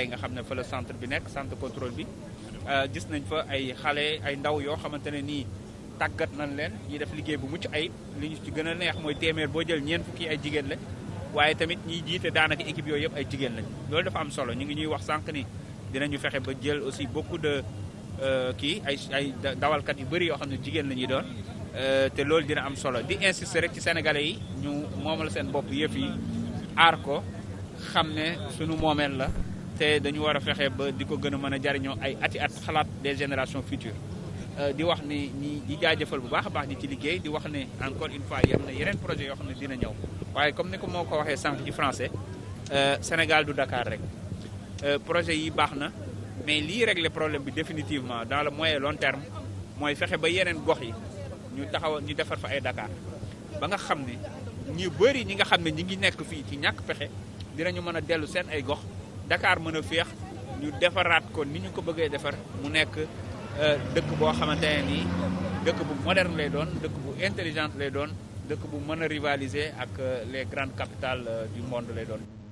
yi nga xam ne fa la centre bi nekk centre contrôle bi euh, gis nañ fa ay xale ay ndaw yoo xamante ne nii tàggat nañ leen ñi def liggéey bu mucc ay li ñu ci gën a neex mooy téeméer boo jël ñeent fukki ay jigéen la waaye tamit ñiy jiite daanaka équipe yooyu yëpp ay jigéen lañ loolu dafa am solo ñu ngi ñuy wax sànq ni dinañu fexe ba jël aussi bokku de euh, kii ay ay dawalkat yu bëri yoo xam ne jigéen la ñuy doon euh, te loolu dina am solo di insister rek ci sénégalais yi ñu moom la seen bopp yëpp yi aar ko xam ne sunu moomeel la te dañu war a fexe ba di ko gën a mën a jariñoo ay ati at xalaat des générations futures euh, di wax ni ñi di jaajëfal bu baax a baax ñi ci liggéey di wax ne encore une fois yam na yeneen projet yoo xam ne dina ñëw waaye comme ni ko moo ko waxee sànq ci français euh, Sénégal du Dakar rek euh, projet yi baax na mais lii régler problème bi définitivement dans le moyen long terme mooy fexe ba yeneen gox yi ñu taxaw ñu defar fa ay Dakar ba nga xam ne ñu bëri ñi nga xam ne ñi ngi nekk fii ci ñàkk pexe dinañu mën a dellu seen ay gox Dakar mën a féex ñu defaraat ko ni ñu ko bëggee defar mu nekk euh, dëkk boo xamante ne nii dëkk bu moderne lay doon dëkk bu intelligente lay doon dëkk bu mën a rivaliser ak euh, les grandes capitales euh, du monde lay doon.